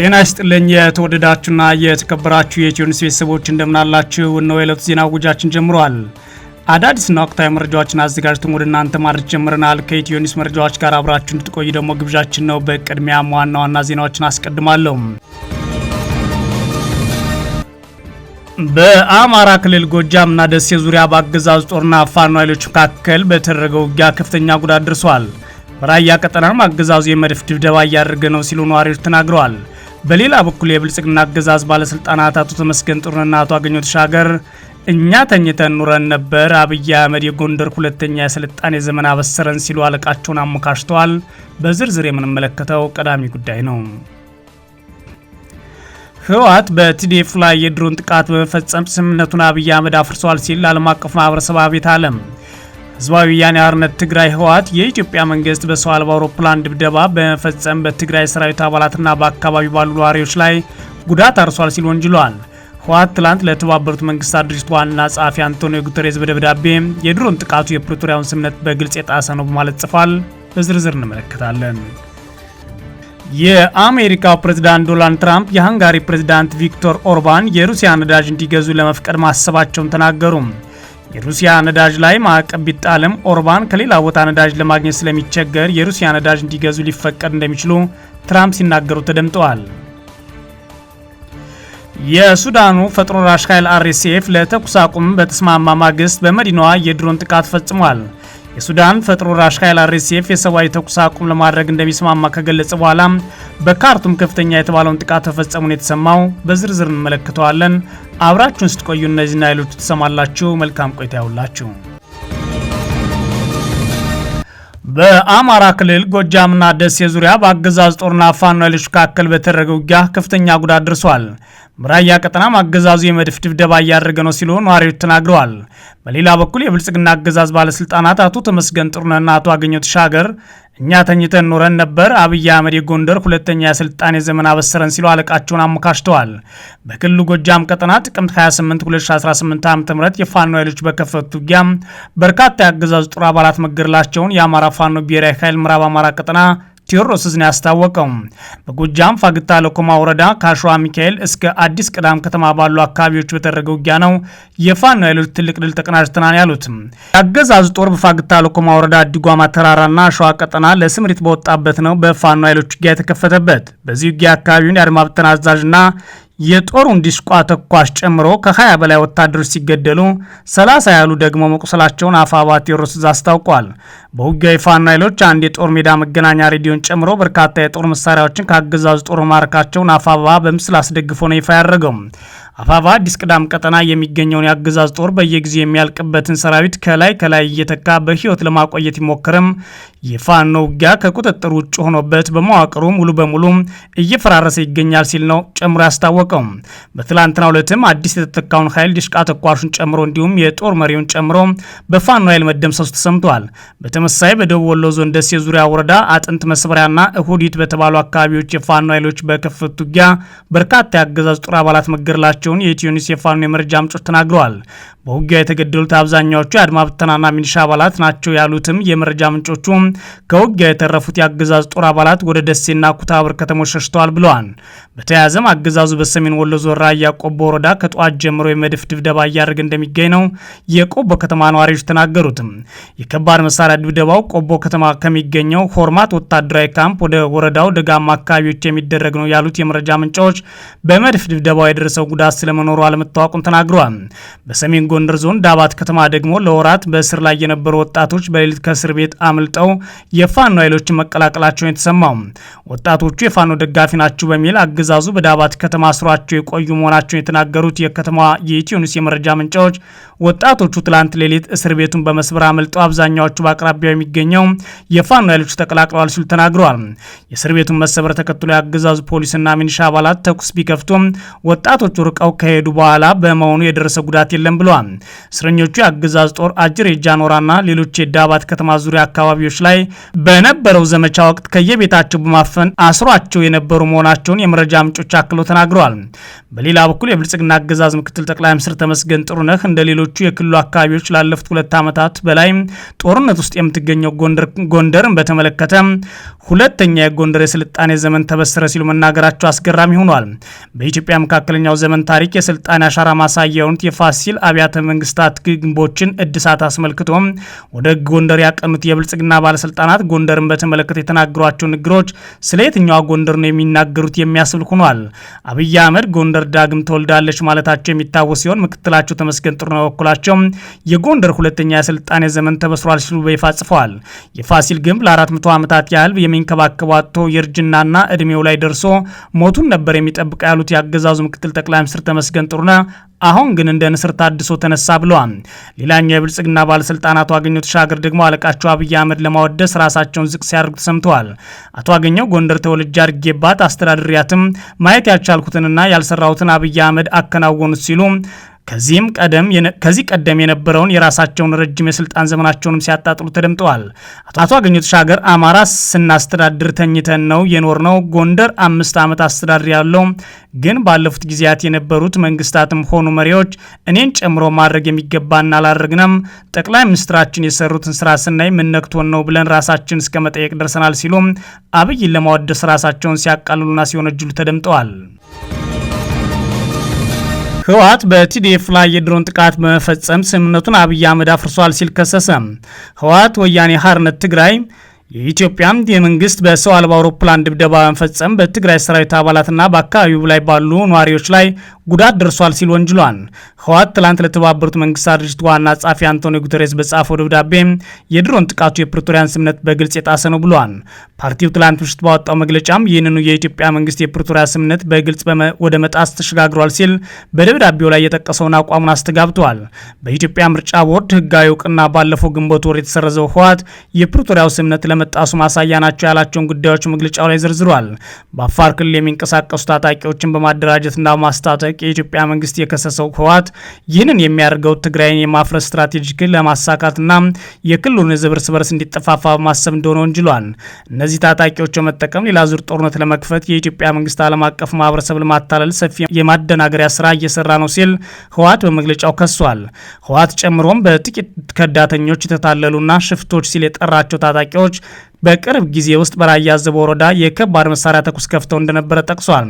ጤና ይስጥልኝ የተወደዳችሁና የተከበራችሁ የኢትዮኒስ ቤተሰቦች እንደምናላችሁ። እነሆ የዕለቱ ዜና ውጃችን ጀምሯል። አዳዲስና ወቅታዊ መረጃዎችን አዘጋጅተን ወደ እናንተ ማድረስ ጀምረናል። ከኢትዮኒስ መረጃዎች ጋር አብራችሁ እንድትቆዩ ደግሞ ግብዣችን ነው። በቅድሚያ ዋና ዋና ዜናዎችን አስቀድማለሁ። በአማራ ክልል ጎጃምና ደሴ ዙሪያ በአገዛዙ ጦርና ፋኖ ኃይሎች መካከል በተደረገው ውጊያ ከፍተኛ ጉዳት ደርሷል። በራያ ቀጠናም አገዛዙ የመድፍ ድብደባ እያደረገ ነው ሲሉ ነዋሪዎች ተናግረዋል። በሌላ በኩል የብልጽግና አገዛዝ ባለስልጣናት አቶ ተመስገን ጥሩንና አቶ አገኘሁ ተሻገር እኛ ተኝተን ኑረን ነበር፣ አብይ አህመድ የጎንደር ሁለተኛ የስልጣኔ ዘመን አበሰረን ሲሉ አለቃቸውን አሞካሽተዋል። በዝርዝር የምንመለከተው ቀዳሚ ጉዳይ ነው። ህወሓት በቲዲኤፍ ላይ የድሮን ጥቃት በመፈጸም ስምምነቱን አብይ አህመድ አፍርሰዋል ሲል ዓለም አቀፍ ማህበረሰብ አቤት አለም። ህዝባዊ ወያኔ አርነት ትግራይ ህወሓት የኢትዮጵያ መንግስት በሰው አልባ አውሮፕላን ድብደባ በመፈጸም በትግራይ ሰራዊት አባላትና በአካባቢ ባሉ ነዋሪዎች ላይ ጉዳት አርሷል ሲል ወንጅሏል። ህወሓት ትላንት ለተባበሩት መንግስታት ድርጅት ዋና ጸሐፊ አንቶኒዮ ጉተሬዝ በደብዳቤ የድሮን ጥቃቱ የፕሪቶሪያውን ስምነት በግልጽ የጣሰ ነው በማለት ጽፏል። በዝርዝር እንመለከታለን። የአሜሪካው ፕሬዝዳንት ዶናልድ ትራምፕ የሃንጋሪ ፕሬዝዳንት ቪክቶር ኦርባን የሩሲያ ነዳጅ እንዲገዙ ለመፍቀድ ማሰባቸውን ተናገሩ። የሩሲያ ነዳጅ ላይ ማዕቀብ ቢጣልም ኦርባን ከሌላ ቦታ ነዳጅ ለማግኘት ስለሚቸገር የሩሲያ ነዳጅ እንዲገዙ ሊፈቀድ እንደሚችሉ ትራምፕ ሲናገሩ ተደምጠዋል። የሱዳኑ ፈጥኖ ደራሽ ኃይል አርኤስኤፍ ለተኩስ አቁም በተስማማ ማግስት በመዲናዋ የድሮን ጥቃት ፈጽሟል። የሱዳን ፈጥኖ ደራሽ ኃይል አርኤስኤፍ የሰብአዊ ተኩስ አቁም ለማድረግ እንደሚስማማ ከገለጸ በኋላ በካርቱም ከፍተኛ የተባለውን ጥቃት ተፈጸሙን የተሰማው በዝርዝር እንመለከተዋለን። አብራችሁን ስትቆዩ እነዚህና ሌሎቹ ትሰማላችሁ። መልካም ቆይታ ያውላችሁ። በአማራ ክልል ጎጃምና ደሴ ዙሪያ በአገዛዝ ጦርና ፋኖ ኃይሎች መካከል በተደረገ ውጊያ ከፍተኛ ጉዳት ደርሷል። ምራያ ቀጠናም አገዛዙ የመድፍ ድብደባ እያደረገ ነው ሲሉ ነዋሪዎች ተናግረዋል። በሌላ በኩል የብልጽግና አገዛዝ ባለስልጣናት አቶ ተመስገን ጥሩነህና አቶ አገኘሁ ተሻገር እኛ ተኝተን ኖረን ነበር። አብይ አህመድ የጎንደር ሁለተኛ የስልጣኔ ዘመን አበሰረን ሲሉ አለቃቸውን አሞካሽተዋል። በክልሉ ጎጃም ቀጠና ጥቅምት 28 2018 ዓ ም የፋኖ ኃይሎች በከፈቱት ውጊያ በርካታ የአገዛዙ ጦር አባላት መገደላቸውን የአማራ ፋኖ ብሔራዊ ኃይል ምዕራብ አማራ ቀጠና ቴዎድሮስ ዝን ያስታወቀው። በጎጃም ፋግታ ለኮማ ወረዳ ከአሸዋ ሚካኤል እስከ አዲስ ቅዳም ከተማ ባሉ አካባቢዎች በተደረገ ውጊያ ነው የፋኖ ኃይሎች ትልቅ ድል ተቀናጅተናል ያሉት። የአገዛዙ ጦር በፋግታ ለኮማ ወረዳ አዲጓማ ተራራና አሸዋ ቀጠና ለስምሪት በወጣበት ነው በፋኖ ኃይሎች ውጊያ የተከፈተበት። በዚህ ውጊያ አካባቢውን የአድማ ብተና አዛዥና የጦሩን ዲሽቋ ተኳሽ ጨምሮ ከ20 በላይ ወታደሮች ሲገደሉ 30 ያሉ ደግሞ መቁሰላቸውን አፋባ ቴዎድሮስ ዕዝ አስታውቋል። በውጊያ የፋኖ ኃይሎች አንድ የጦር ሜዳ መገናኛ ሬዲዮን ጨምሮ በርካታ የጦር መሳሪያዎችን ከአገዛዙ ጦር ማረካቸውን አፋባ በምስል አስደግፎ ነው ይፋ ያደረገው። አፋባ አዲስ ቅዳም ቀጠና የሚገኘውን የአገዛዝ ጦር በየጊዜው የሚያልቅበትን ሰራዊት ከላይ ከላይ እየተካ በህይወት ለማቆየት ይሞክርም የፋኖ ውጊያ ከቁጥጥር ውጭ ሆኖበት በመዋቅሩ ሙሉ በሙሉ እየፈራረሰ ይገኛል ሲል ነው ጨምሮ ያስታወቀው። በትላንትና ሁለትም አዲስ የተተካውን ኃይል ድሽቃ ተኳሹን ጨምሮ እንዲሁም የጦር መሪውን ጨምሮ በፋኖ ኃይል መደምሰሱ ተሰምቷል። በተመሳይ በደቡብ ወሎ ዞን ደሴ ዙሪያ ወረዳ አጥንት መስበሪያና እሁዲት በተባሉ አካባቢዎች የፋኖ ኃይሎች በከፈቱት ውጊያ በርካታ የአገዛዝ ጦር አባላት መገደላቸው መሆናቸውን የኢትዮኒስ የፋኖ የመረጃ ምንጮች ተናግረዋል። በውጊያ የተገደሉት አብዛኛዎቹ የአድማ ብተናና ሚኒሻ አባላት ናቸው ያሉትም የመረጃ ምንጮቹ ከውጊያ የተረፉት የአገዛዝ ጦር አባላት ወደ ደሴና ኩታብር ከተሞች ሸሽተዋል ብለዋል። በተያያዘም አገዛዙ በሰሜን ወሎ ዞን ራያ ቆቦ ወረዳ ከጠዋት ጀምሮ የመድፍ ድብደባ እያደረገ እንደሚገኝ ነው የቆቦ ከተማ ነዋሪዎች ተናገሩትም። የከባድ መሳሪያ ድብደባው ቆቦ ከተማ ከሚገኘው ሆርማት ወታደራዊ ካምፕ ወደ ወረዳው ደጋማ አካባቢዎች የሚደረግ ነው ያሉት የመረጃ ምንጫዎች በመድፍ ድብደባው የደረሰው ጉዳት ጉዳት ስለመኖሩ አለመታወቁን ተናግረዋል። በሰሜን ጎንደር ዞን ዳባት ከተማ ደግሞ ለወራት በእስር ላይ የነበሩ ወጣቶች በሌሊት ከእስር ቤት አምልጠው የፋኖ ኃይሎችን መቀላቀላቸውን የተሰማው ወጣቶቹ የፋኖ ደጋፊ ናቸው በሚል አገዛዙ በዳባት ከተማ አስሯቸው የቆዩ መሆናቸውን የተናገሩት የከተማ የኢትዮኒስ የመረጃ ምንጫዎች ወጣቶቹ ትላንት ሌሊት እስር ቤቱን በመስበር አምልጠው አብዛኛዎቹ በአቅራቢያው የሚገኘው የፋኖ ኃይሎች ተቀላቅለዋል ሲሉ ተናግረዋል። የእስር ቤቱን መሰበር ተከትሎ የአገዛዙ ፖሊስና ሚኒሻ አባላት ተኩስ ቢከፍቱም ወጣቶቹ ርቀ ለቀው ከሄዱ በኋላ በመሆኑ የደረሰ ጉዳት የለም ብለዋል። እስረኞቹ የአገዛዝ ጦር አጅር፣ የጃኖራና ሌሎች የዳባት ከተማ ዙሪያ አካባቢዎች ላይ በነበረው ዘመቻ ወቅት ከየቤታቸው በማፈን አስሯቸው የነበሩ መሆናቸውን የመረጃ ምንጮች አክለው ተናግረዋል። በሌላ በኩል የብልጽግና አገዛዝ ምክትል ጠቅላይ ሚኒስትር ተመስገን ጥሩነህ እንደ ሌሎቹ የክልሉ አካባቢዎች ላለፉት ሁለት ዓመታት በላይ ጦርነት ውስጥ የምትገኘው ጎንደርን በተመለከተ ሁለተኛ የጎንደር የስልጣኔ ዘመን ተበሰረ ሲሉ መናገራቸው አስገራሚ ሆኗል። በኢትዮጵያ መካከለኛው ዘመን ታሪክ የስልጣን አሻራ ማሳያ የሆኑት የፋሲል አብያተ መንግስታት ግንቦችን እድሳት አስመልክቶም ወደ ጎንደር ያቀኑት የብልጽግና ባለስልጣናት ጎንደርን በተመለከተ የተናገሯቸው ንግሮች ስለ የትኛዋ ጎንደር ነው የሚናገሩት የሚያስብል ሆኗል። አብይ አህመድ ጎንደር ዳግም ተወልዳለች ማለታቸው የሚታወስ ሲሆን ምክትላቸው ተመስገን ነው በኩላቸው የጎንደር ሁለተኛ የስልጣኔ ዘመን ተበስሯል ሲሉ በይፋ ጽፈዋል። የፋሲል ግንብ ለአራት 400 ዓመታት ያህል የሚንከባከባቸው የእርጅናና እድሜው ላይ ደርሶ ሞቱን ነበር የሚጠብቀ ያሉት የአገዛዙ ምክትል ጠቅላይ ሚኒስትር ተመስገን ጥሩና አሁን ግን እንደ ንስር ታድሶ ተነሳ ብለዋል። ሌላኛው የብልጽግና ባለስልጣናቱ አገኘሁ ተሻገር ደግሞ አለቃቸው አብይ አህመድ ለማወደስ ራሳቸውን ዝቅ ሲያደርጉ ተሰምተዋል። አቶ አገኘው ጎንደር ተወልጄ አድጌባት አስተዳድሪያትም ማየት ያልቻልኩትንና ያልሰራሁትን አብይ አህመድ አከናወኑት ሲሉ ከዚህም ቀደም ከዚህ ቀደም የነበረውን የራሳቸውን ረጅም የስልጣን ዘመናቸውንም ሲያጣጥሉ ተደምጠዋል። አቶ አገኘሁ ተሻገር አማራ ስናስተዳድር ተኝተን ነው የኖርነው። ጎንደር አምስት ዓመት አስተዳድር ያለው ግን ባለፉት ጊዜያት የነበሩት መንግስታትም ሆኑ መሪዎች እኔን ጨምሮ ማድረግ የሚገባና አላደረግንም። ጠቅላይ ሚኒስትራችን የሰሩትን ስራ ስናይ ምነክቶን ነው ብለን ራሳችን እስከ መጠየቅ ደርሰናል ሲሉ አብይን ለማወደስ ራሳቸውን ሲያቃልሉና ሲሆነጅሉ ተደምጠዋል። ህወሓት በቲዲኤፍ ላይ የድሮን ጥቃት በመፈጸም ስምምነቱን አብይ አህመድ አፍርሷል ሲል ከሰሰ። ህወሓት ወያኔ ሓርነት ትግራይ የኢትዮጵያ የመንግስት በሰው አልባ አውሮፕላን ድብደባ መፈጸም በትግራይ ሰራዊት አባላትና በአካባቢው ላይ ባሉ ነዋሪዎች ላይ ጉዳት ደርሷል ሲል ወንጅሏል። ህወሓት ትላንት ለተባበሩት መንግስታት ድርጅት ዋና ጸሐፊ አንቶኒዮ ጉተሬስ በጻፈው ደብዳቤ የድሮን ጥቃቱ የፕሪቶሪያን ስምነት በግልጽ የጣሰ ነው ብሏል። ፓርቲው ትላንት ምሽት ባወጣው መግለጫም ይህንኑ የኢትዮጵያ መንግስት የፕሪቶሪያ ስምነት በግልጽ ወደ መጣስ ተሸጋግሯል ሲል በደብዳቤው ላይ የጠቀሰውን አቋሙን አስተጋብቷል። በኢትዮጵያ ምርጫ ቦርድ ህጋዊ እውቅና ባለፈው ግንቦት ወር የተሰረዘው ህወሓት የፕሪቶሪያው ስምነት ለመጣሱ ማሳያ ናቸው ያላቸውን ጉዳዮች መግለጫው ላይ ዘርዝሯል። በአፋር ክልል የሚንቀሳቀሱ ታጣቂዎችን በማደራጀትና በማስታጠቅ በመንጸባረቅ የኢትዮጵያ መንግስት የከሰሰው ህወሓት ይህንን የሚያደርገው ትግራይን የማፍረስ ስትራቴጂክ ለማሳካትና የክልሉን ህዝብ እርስ በርስ እንዲጠፋፋ በማሰብ እንደሆነ ወንጅሏል። እነዚህ ታጣቂዎች በመጠቀም ሌላ ዙር ጦርነት ለመክፈት የኢትዮጵያ መንግስት ዓለም አቀፍ ማህበረሰብ ለማታለል ሰፊ የማደናገሪያ ስራ እየሰራ ነው ሲል ህወሓት በመግለጫው ከሷል። ህወሓት ጨምሮም በጥቂት ከዳተኞች የተታለሉና ሽፍቶች ሲል የጠራቸው ታጣቂዎች በቅርብ ጊዜ ውስጥ በራያ አዘቦ ወረዳ የከባድ መሳሪያ ተኩስ ከፍተው እንደነበረ ጠቅሷል።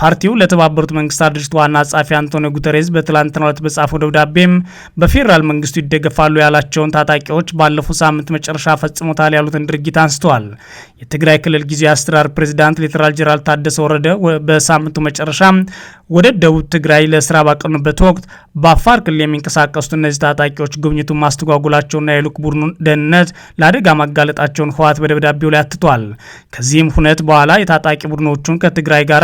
ፓርቲው ለተባበሩት መንግስታት ድርጅት ዋና ጸሐፊ አንቶኒዮ ጉተሬዝ በትላንትናው ዕለት በጻፈው ደብዳቤም በፌዴራል መንግስቱ ይደገፋሉ ያላቸውን ታጣቂዎች ባለፈው ሳምንት መጨረሻ ፈጽሞታል ያሉትን ድርጊት አንስተዋል። የትግራይ ክልል ጊዜያዊ አስተዳደር ፕሬዚዳንት ሌተናል ጄኔራል ታደሰ ወረደ በሳምንቱ መጨረሻ ወደ ደቡብ ትግራይ ለስራ ባቀኑበት ወቅት በአፋር ክልል የሚንቀሳቀሱት እነዚህ ታጣቂዎች ጉብኝቱን ማስተጓጉላቸውና የልዑክ ቡድኑን ደህንነት ለአደጋ ማጋለጣቸውን ህወሓት በደብዳቤው ላይ አትቷል። ከዚህም ሁነት በኋላ የታጣቂ ቡድኖቹን ከትግራይ ጋር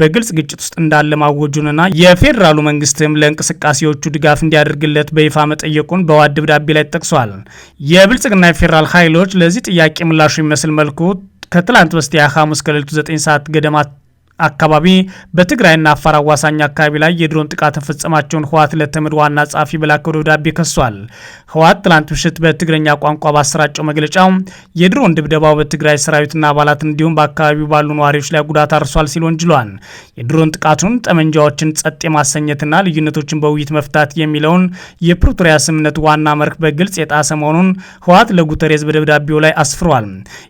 በግልጽ ግጭት ውስጥ እንዳለ ማወጁንና የፌዴራሉ መንግስትም ለእንቅስቃሴዎቹ ድጋፍ እንዲያደርግለት በይፋ መጠየቁን በዋድ ደብዳቤ ላይ ጠቅሷል። የብልጽግና የፌዴራል ኃይሎች ለዚህ ጥያቄ ምላሹ የሚመስል መልኩ ከትላንት በስቲያ ሐሙስ ከሌሊቱ 9 ሰዓት ገደማ አካባቢ በትግራይና አፋር አዋሳኝ አካባቢ ላይ የድሮን ጥቃት ፈጸማቸውን ህወሓት ለተመድ ዋና ጸሐፊ በላከው ደብዳቤ ከሷል። ህወሓት ትላንት ምሽት በትግረኛ ቋንቋ ባሰራጨው መግለጫው የድሮን ድብደባው በትግራይ ሰራዊትና አባላት እንዲሁም በአካባቢው ባሉ ነዋሪዎች ላይ ጉዳት አርሷል ሲል ወንጅሏል። የድሮን ጥቃቱን ጠመንጃዎችን ጸጥ የማሰኘትና ልዩነቶችን በውይይት መፍታት የሚለውን የፕሪቶሪያ ስምምነት ዋና መርህ በግልጽ የጣሰ መሆኑን ህወሓት ለጉተሬዝ በደብዳቤው ላይ አስፍሯል።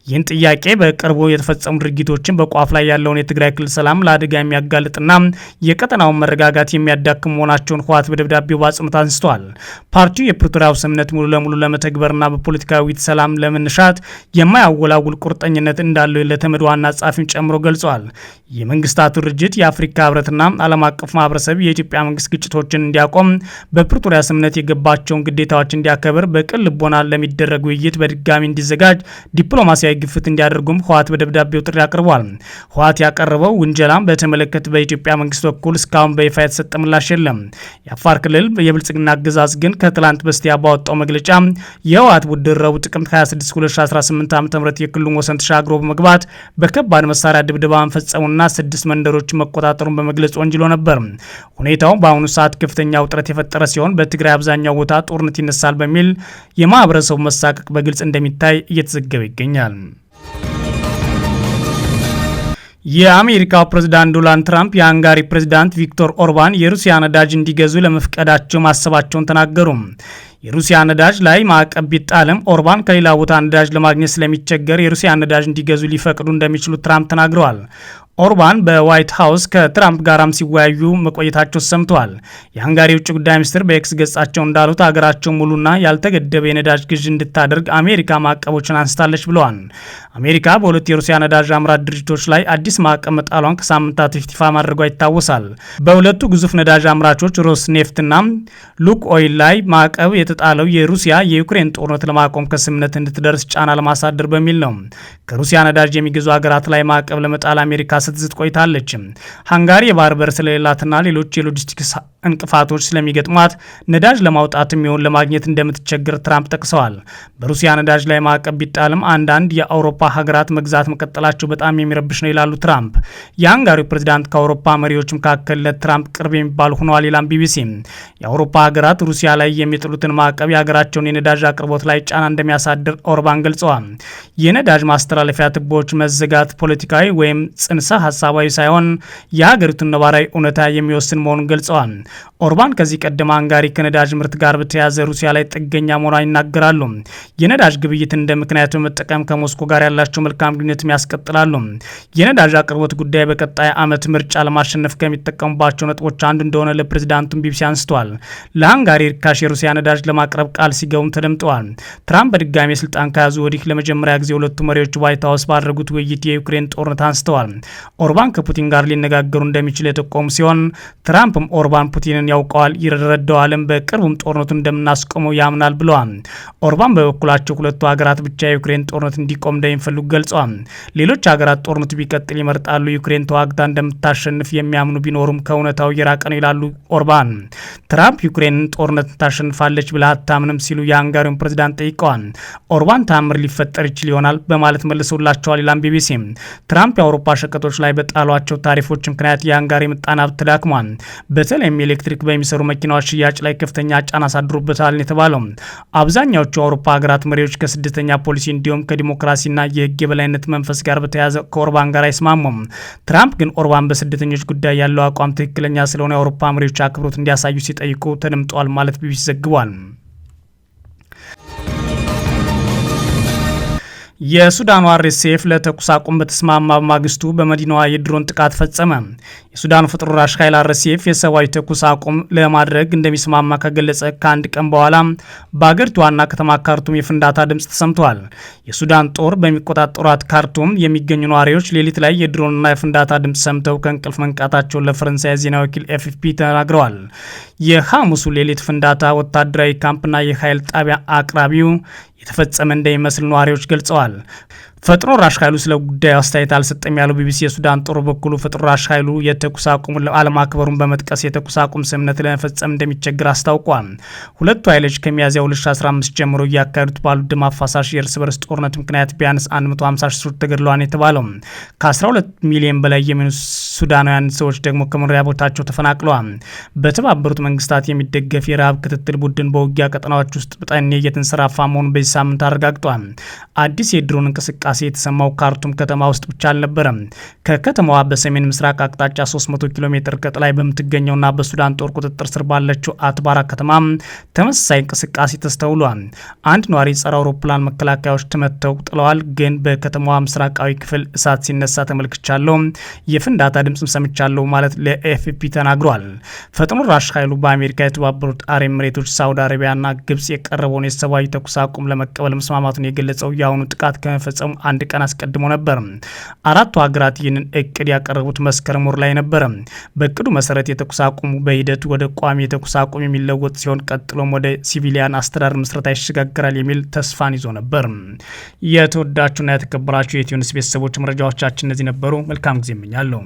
ይህን ጥያቄ በቅርቡ የተፈጸሙ ድርጊቶችን በቋፍ ላይ ያለውን የትግራይ ክልል ሰላም ለአደጋ የሚያጋልጥና የቀጠናውን መረጋጋት የሚያዳክም መሆናቸውን ህወሓት በደብዳቤው በአጽንኦት አንስተዋል። ፓርቲው የፕሪቶሪያው ስምምነት ሙሉ ለሙሉ ለመተግበርና በፖለቲካዊ ሰላም ለመነሻት የማያወላውል ቁርጠኝነት እንዳለው ለተመድ ዋና ጸሐፊም ጨምሮ ገልጿል። የመንግስታቱ ድርጅት የአፍሪካ ህብረትና ዓለም አቀፍ ማህበረሰብ የኢትዮጵያ መንግስት ግጭቶችን እንዲያቆም በፕሪቶሪያ ስምምነት የገባቸውን ግዴታዎች እንዲያከብር በቅን ልቦና ለሚደረግ ውይይት በድጋሚ እንዲዘጋጅ ዲፕሎማሲያዊ ግፍት እንዲያደርጉም ህወሓት በደብዳቤው ጥሪ አቅርቧል። ህወሓት ያቀረበው ውንጀላም በተመለከተ በኢትዮጵያ መንግስት በኩል እስካሁን በይፋ የተሰጠ ምላሽ የለም። የአፋር ክልል የብልጽግና አገዛዝ ግን ከትላንት በስቲያ ባወጣው መግለጫ የህወሓት ቡድን ረቡዕ ጥቅምት 26 2018 ዓ ም የክልሉን ወሰን ተሻግሮ በመግባት በከባድ መሳሪያ ድብደባ መፈጸሙና ስድስት መንደሮች መቆጣጠሩን በመግለጽ ወንጅሎ ነበር። ሁኔታው በአሁኑ ሰዓት ከፍተኛ ውጥረት የፈጠረ ሲሆን በትግራይ አብዛኛው ቦታ ጦርነት ይነሳል በሚል የማህበረሰቡ መሳቀቅ በግልጽ እንደሚታይ እየተዘገበ ይገኛል። የአሜሪካ ፕሬዝዳንት ዶናልድ ትራምፕ የሃንጋሪ ፕሬዝዳንት ቪክቶር ኦርባን የሩሲያ ነዳጅ እንዲገዙ ለመፍቀዳቸው ማሰባቸውን ተናገሩ። የሩሲያ ነዳጅ ላይ ማዕቀብ ቢጣልም ኦርባን ከሌላ ቦታ ነዳጅ ለማግኘት ስለሚቸገር የሩሲያ ነዳጅ እንዲገዙ ሊፈቅዱ እንደሚችሉ ትራምፕ ተናግረዋል። ኦርባን በዋይት ሀውስ ከትራምፕ ጋራም ሲወያዩ መቆየታቸው ሰምተዋል። የሀንጋሪ ውጭ ጉዳይ ሚኒስትር በኤክስ ገጻቸው እንዳሉት ሀገራቸው ሙሉና ያልተገደበ የነዳጅ ግዥ እንድታደርግ አሜሪካ ማዕቀቦችን አንስታለች ብለዋል። አሜሪካ በሁለት የሩሲያ ነዳጅ አምራች ድርጅቶች ላይ አዲስ ማዕቀብ መጣሏን ከሳምንታት በፊት ይፋ ማድረጓ ይታወሳል። በሁለቱ ግዙፍ ነዳጅ አምራቾች ሮስ ኔፍትና ሉክ ኦይል ላይ ማዕቀብ የተጣለው የሩሲያ የዩክሬን ጦርነት ለማቆም ከስምነት እንድትደርስ ጫና ለማሳደር በሚል ነው። ከሩሲያ ነዳጅ የሚገዙ ሀገራት ላይ ማዕቀብ ለመጣል አሜሪካ ስትዝት ቆይታለች። ሃንጋሪ የባህር በር ስለሌላትና ሌሎች የሎጂስቲክስ እንቅፋቶች ስለሚገጥሟት ነዳጅ ለማውጣት የሚሆን ለማግኘት እንደምትቸግር ትራምፕ ጠቅሰዋል። በሩሲያ ነዳጅ ላይ ማዕቀብ ቢጣልም አንዳንድ የአውሮፓ ሀገራት መግዛት መቀጠላቸው በጣም የሚረብሽ ነው ይላሉ ትራምፕ። የሃንጋሪው ፕሬዚዳንት ከአውሮፓ መሪዎች መካከል ለትራምፕ ቅርብ የሚባሉ ሆነዋል ይላም ቢቢሲ። የአውሮፓ ሀገራት ሩሲያ ላይ የሚጥሉትን ማዕቀብ የሀገራቸውን የነዳጅ አቅርቦት ላይ ጫና እንደሚያሳድር ኦርባን ገልጸዋል። የነዳጅ ማስተላለፊያ ትቦዎች መዘጋት ፖለቲካዊ ወይም ጽንሰ ሀሳባዊ ሳይሆን የሀገሪቱን ነባራዊ እውነታ የሚወስን መሆኑን ገልጸዋል። ኦርባን ከዚህ ቀደም አንጋሪ ከነዳጅ ምርት ጋር በተያያዘ ሩሲያ ላይ ጥገኛ መሆኗን ይናገራሉ። የነዳጅ ግብይት እንደ ምክንያት በመጠቀም ከሞስኮ ጋር ያላቸው መልካም ግንኙነት ያስቀጥላሉ። የነዳጅ አቅርቦት ጉዳይ በቀጣይ ዓመት ምርጫ ለማሸነፍ ከሚጠቀሙባቸው ነጥቦች አንዱ እንደሆነ ለፕሬዚዳንቱን ቢቢሲ አንስተዋል። ለሃንጋሪ ርካሽ የሩሲያ ነዳጅ ለማቅረብ ቃል ሲገቡም ተደምጠዋል። ትራምፕ በድጋሚ ስልጣን ከያዙ ወዲህ ለመጀመሪያ ጊዜ ሁለቱ መሪዎች ዋይት ሀውስ ባደረጉት ውይይት የዩክሬን ጦርነት አንስተዋል። ኦርባን ከፑቲን ጋር ሊነጋገሩ እንደሚችል የጠቆሙ ሲሆን ትራምፕም ኦርባን ፑቲንን ያውቀዋል፣ ይረዳዋልም። በቅርቡም ጦርነቱን እንደምናስቆመው ያምናል ብለዋል። ኦርባን በበኩላቸው ሁለቱ ሀገራት ብቻ የዩክሬን ጦርነት እንዲቆም እንደሚፈልጉ ገልጸዋል። ሌሎች ሀገራት ጦርነቱ ቢቀጥል ይመርጣሉ፣ ዩክሬን ተዋግታ እንደምታሸንፍ የሚያምኑ ቢኖሩም ከእውነታው የራቀ ነው ይላሉ ኦርባን። ትራምፕ ዩክሬንን ጦርነት ታሸንፋለች ብላ አታምንም ሲሉ የሃንጋሪውን ፕሬዚዳንት ጠይቀዋል። ኦርባን ተአምር ሊፈጠር ይችል ይሆናል በማለት መልሰውላቸዋል ይላም ቢቢሲ። ትራምፕ የአውሮፓ ሸቀጦች ላይ በጣሏቸው ታሪፎች ምክንያት የሃንጋሪ ምጣኔ ሀብት ተዳክሟል። በተለይ በኤሌክትሪክ በሚሰሩ መኪናዎች ሽያጭ ላይ ከፍተኛ ጫና አሳድሮበታል የተባለው አብዛኛዎቹ የአውሮፓ ሀገራት መሪዎች ከስደተኛ ፖሊሲ እንዲሁም ከዲሞክራሲና የህግ የበላይነት መንፈስ ጋር በተያያዘ ከኦርባን ጋር አይስማሙም። ትራምፕ ግን ኦርባን በስደተኞች ጉዳይ ያለው አቋም ትክክለኛ ስለሆነ የአውሮፓ መሪዎች አክብሮት እንዲያሳዩ ሲጠይቁ ተደምጠዋል ማለት ቢቢሲ ዘግቧል። የሱዳኑ አርኤስኤፍ ለተኩስ አቁም በተስማማ በማግስቱ በመዲናዋ የድሮን ጥቃት ፈጸመ። የሱዳኑ ፈጥኖ ደራሽ ኃይል አርኤስኤፍ የሰብአዊ ተኩስ አቁም ለማድረግ እንደሚስማማ ከገለጸ ከአንድ ቀን በኋላ በአገሪቱ ዋና ከተማ ካርቱም የፍንዳታ ድምፅ ተሰምተዋል። የሱዳን ጦር በሚቆጣጠሯት ካርቱም የሚገኙ ነዋሪዎች ሌሊት ላይ የድሮንና የፍንዳታ ድምፅ ሰምተው ከእንቅልፍ መንቃታቸውን ለፈረንሳይ ዜና ወኪል ኤፍፒ ተናግረዋል። የሐሙሱ ሌሊት ፍንዳታ ወታደራዊ ካምፕና የኃይል ጣቢያ አቅራቢው የተፈጸመ እንደሚመስል ነዋሪዎች ገልጸዋል። ፈጥኖ ራሽ ኃይሉ ስለ ጉዳዩ አስተያየት አልሰጠም ያለው ቢቢሲ የሱዳን ጦር በኩሉ ፈጥኖ ራሽ ኃይሉ የተኩስ አቁሙን አለማክበሩን በመጥቀስ የተኩስ አቁም ስምምነት ለመፈጸም እንደሚቸግር አስታውቋል። ሁለቱ ኃይሎች ከሚያዝያ 2015 ጀምሮ እያካሄዱት ባሉ ደም አፋሳሽ የእርስ በርስ ጦርነት ምክንያት ቢያንስ 150 ሺህ ሰዎች ተገድለዋል የተባለው ከ12 ሚሊዮን በላይ የሚኑ ሱዳናውያን ሰዎች ደግሞ ከመኖሪያ ቦታቸው ተፈናቅለዋል። በተባበሩት መንግስታት የሚደገፍ የረሃብ ክትትል ቡድን በውጊያ ቀጠናዎች ውስጥ በጠኔ እየተንሰራፋ መሆኑን በዚህ ሳምንት አረጋግጧል። አዲስ የድሮን እንቅስቃሴ እንቅስቃሴ የተሰማው ካርቱም ከተማ ውስጥ ብቻ አልነበረም። ከከተማዋ በሰሜን ምስራቅ አቅጣጫ 300 ኪሎ ሜትር ቀጥ ላይ በምትገኘውና በሱዳን ጦር ቁጥጥር ስር ባለችው አትባራ ከተማ ተመሳሳይ እንቅስቃሴ ተስተውሏል። አንድ ነዋሪ ጸረ አውሮፕላን መከላከያዎች ተመተው ጥለዋል፣ ግን በከተማዋ ምስራቃዊ ክፍል እሳት ሲነሳ ተመልክቻለሁ፣ የፍንዳታ ድምፅም ሰምቻለሁ ማለት ለኤፍፒ ተናግሯል። ፈጥኖ ራሽ ኃይሉ በአሜሪካ የተባበሩት አረብ ኤሚሬቶች፣ ሳውዲ አረቢያና ግብጽ የቀረበውን የሰብአዊ ተኩስ አቁም ለመቀበል መስማማቱን የገለጸው የአሁኑ ጥቃት ከመፈጸሙ አንድ ቀን አስቀድሞ ነበር። አራቱ ሀገራት ይህንን እቅድ ያቀረቡት መስከረም ወር ላይ ነበር። በእቅዱ መሰረት የተኩስ አቁሙ በሂደት ወደ ቋሚ የተኩስ አቁም የሚለወጥ ሲሆን ቀጥሎም ወደ ሲቪሊያን አስተዳደር ምስረታ ይሸጋገራል የሚል ተስፋን ይዞ ነበር። የተወዳችሁና የተከበራችሁ የኢትዮኒውስ ቤተሰቦች መረጃዎቻችን እነዚህ ነበሩ። መልካም ጊዜ እመኛለሁ።